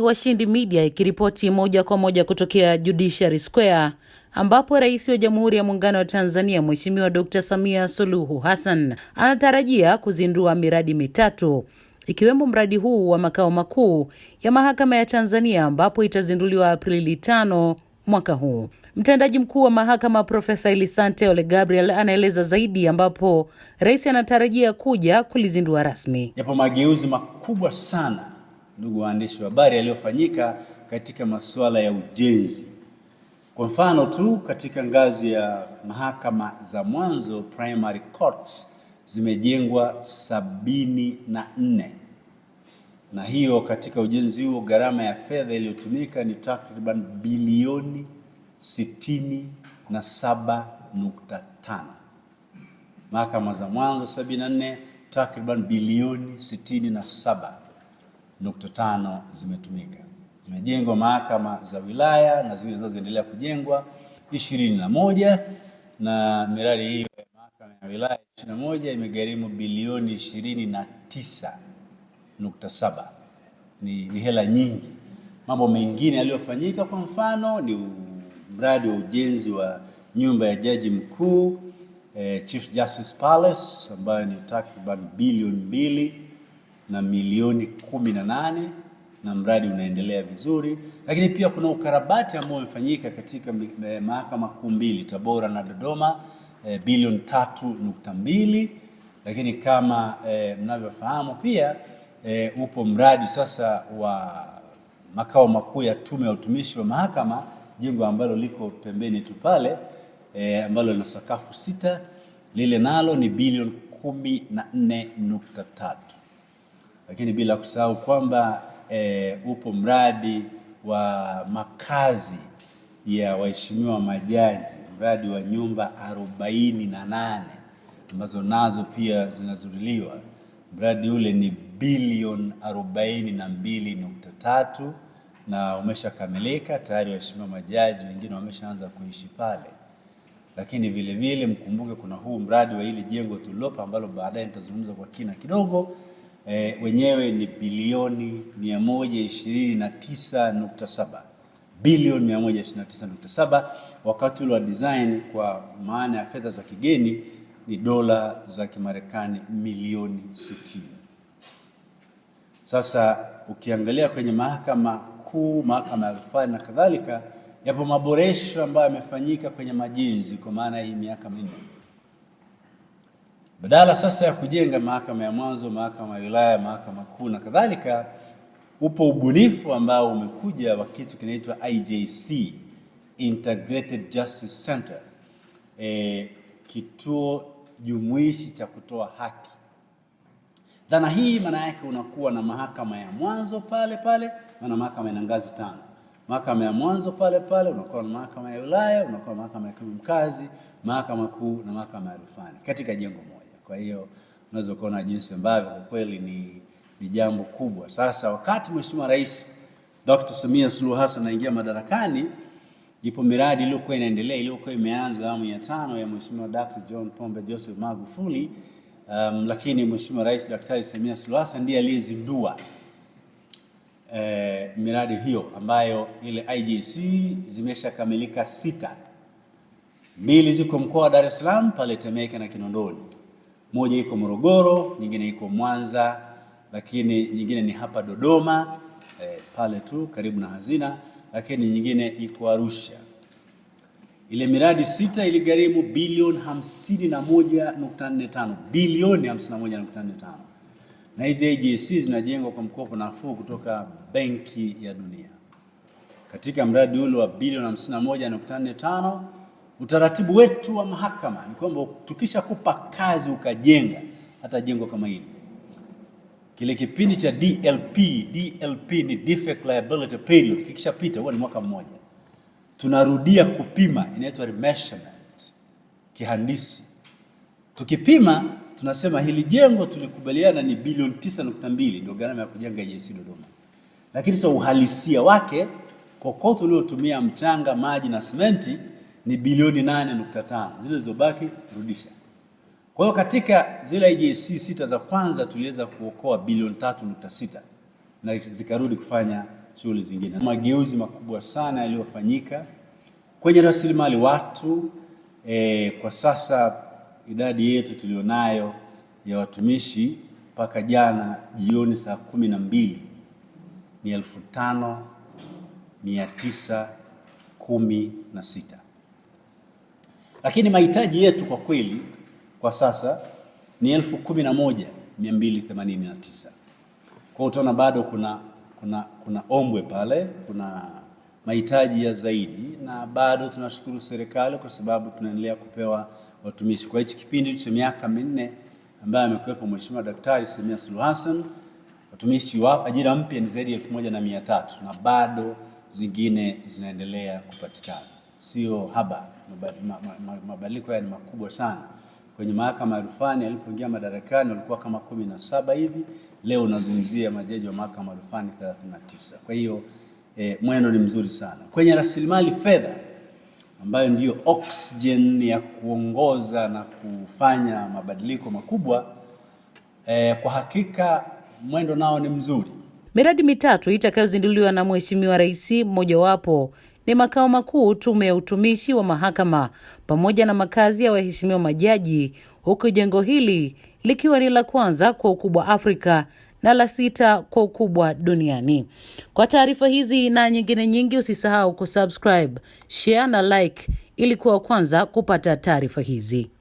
Washindi Media ikiripoti moja kwa moja kutokea Judiciary Square ambapo Rais wa Jamhuri ya Muungano wa Tanzania Mheshimiwa Dkt. Samia Suluhu Hassan anatarajia kuzindua miradi mitatu ikiwemo mradi huu wa makao makuu ya Mahakama ya Tanzania ambapo itazinduliwa Aprili tano mwaka huu. Mtendaji mkuu wa mahakama Profesa Elisante Ole Gabriel anaeleza zaidi, ambapo rais anatarajia kuja kulizindua rasmi. Yapo mageuzi makubwa sana ndugu waandishi wa habari, yaliyofanyika katika masuala ya ujenzi. Kwa mfano tu katika ngazi ya mahakama za mwanzo primary courts zimejengwa sabini na nne na hiyo katika ujenzi huo gharama ya fedha iliyotumika ni takriban bilioni sitini na saba nukta tano mahakama za mwanzo sabini na nne takriban bilioni sitini na saba nukta tano zimetumika. Zimejengwa mahakama za wilaya na zile zinazoendelea kujengwa ishirini na moja na miradi hiyo ya mahakama ya wilaya ishirini na moja imegharimu bilioni ishirini na tisa nukta saba. Ni, ni hela nyingi. Mambo mengine yaliyofanyika kwa mfano ni mradi wa ujenzi wa nyumba ya jaji mkuu eh, Chief Justice Palace ambayo ni takriban bilioni mbili na milioni kumi na nane na mradi unaendelea vizuri, lakini pia kuna ukarabati ambao umefanyika katika eh, mahakama kuu mbili Tabora na Dodoma eh, bilioni tatu nukta mbili lakini kama eh, mnavyofahamu pia eh, upo mradi sasa wa makao makuu ya Tume ya Utumishi wa Mahakama, jengo ambalo liko pembeni tu pale eh, ambalo lina sakafu sita, lile nalo ni bilioni kumi na nne nukta tatu lakini bila kusahau kwamba e, upo mradi wa makazi ya waheshimiwa majaji, mradi wa nyumba arobaini na nane ambazo nazo pia zinazuriliwa Mradi ule ni bilioni arobaini na mbili nukta tatu na umeshakamilika tayari. Waheshimiwa majaji wengine wameshaanza kuishi pale, lakini vile vile mkumbuke kuna huu mradi wa hili jengo tulilopo ambalo baadaye nitazungumza kwa kina kidogo e, wenyewe ni bilioni 129.7 bilioni 129.7. Wakati ule wa design kwa maana ya fedha za kigeni ni dola za Kimarekani milioni 60. Sasa ukiangalia kwenye mahakama kuu, mahakama ya rufaa na kadhalika, yapo maboresho ambayo yamefanyika kwenye majenzi kwa maana hii miaka minne badala sasa ya kujenga mahakama ya mwanzo, mahakama ya wilaya, mahakama kuu na kadhalika, upo ubunifu ambao umekuja wa kitu kinaitwa IJC, Integrated Justice Center, e, kituo jumuishi cha kutoa haki. Dhana hii maana yake unakuwa na mahakama ya mwanzo pale pale, maana mahakama ina ngazi tano. Mahakama ya mwanzo pale pale, unakuwa na mahakama ya wilaya, unakuwa na mahakama ya kimkazi, mkazi, mahakama kuu na mahakama ya rufani katika jengo moja. Kwa hiyo unaweza ukaona jinsi ambavyo kwa kweli ni, ni jambo kubwa. Sasa wakati Mheshimiwa Rais Dr. Samia Suluhu Hassan anaingia madarakani, ipo miradi iliyokuwa inaendelea iliyokuwa imeanza awamu ya tano ya Mheshimiwa Dr. John Pombe Joseph Magufuli. Um, lakini Mheshimiwa Rais Daktari Samia Suluhu Hassan ndiye aliyezindua eh, miradi hiyo ambayo ile IGC zimeshakamilika sita, mbili ziko mkoa wa Dar es Salaam pale Temeke na Kinondoni moja iko Morogoro, nyingine iko Mwanza, lakini nyingine ni hapa Dodoma eh, pale tu karibu na hazina, lakini nyingine iko Arusha. Ile miradi sita iligharimu bilioni 51.45, bilioni 51.45, na hizi AGC zinajengwa kwa mkopo nafuu kutoka Benki ya Dunia. Katika mradi ule wa bilioni 51.45 Utaratibu wetu wa mahakama ni kwamba tukishakupa kazi ukajenga, hata jengo kama hili, kile kipindi cha DLP, DLP ni defect liability period, kikishapita huwa ni mwaka mmoja, tunarudia kupima, inaitwa remeasurement kihandisi. Tukipima tunasema hili jengo tulikubaliana ni bilioni 9.2 ndio gharama ya kujenga JSC Dodoma, lakini sasa uhalisia wake kokoto uliotumia mchanga, maji na simenti ni bilioni 8.5, zile zilizobaki rudisha. Kwa hiyo katika zile IGC sita za kwanza tuliweza kuokoa bilioni 3.6 na zikarudi kufanya shughuli zingine. Mageuzi makubwa sana yaliyofanyika kwenye rasilimali watu. E, kwa sasa idadi yetu tulionayo ya watumishi mpaka jana jioni saa kumi na mbili ni elfu tano mia tisa kumi na sita. Lakini mahitaji yetu kwa kweli kwa sasa ni elfu kumi na moja mia mbili themanini na tisa. Kwa hiyo utaona bado kuna, kuna, kuna ombwe pale, kuna mahitaji ya zaidi, na bado tunashukuru serikali kwa sababu tunaendelea kupewa watumishi kwa hichi kipindi cha miaka minne ambaye amekuwepo Mheshimiwa Daktari Samia Suluhu Hassan, watumishi wa ajira mpya ni zaidi ya elfu moja na mia tatu na bado zingine zinaendelea kupatikana sio haba. Mabadiliko haya ni makubwa sana. Kwenye mahakama ya rufani alipoingia madarakani walikuwa kama kumi na saba hivi, leo unazungumzia majaji wa mahakama ya rufani 39. Kwa hiyo e, mwendo ni mzuri sana kwenye rasilimali fedha ambayo ndiyo oxygen ya kuongoza na kufanya mabadiliko makubwa. e, kwa hakika mwendo nao ni mzuri. Miradi mitatu itakayozinduliwa na Mheshimiwa Rais, mmojawapo ni makao makuu Tume ya Utumishi wa Mahakama pamoja na makazi ya waheshimiwa majaji, huku jengo hili likiwa ni la kwanza kwa ukubwa Afrika na la sita kwa ukubwa duniani. Kwa taarifa hizi na nyingine nyingi, usisahau kusubscribe, share na like ili kuwa kwanza kupata taarifa hizi.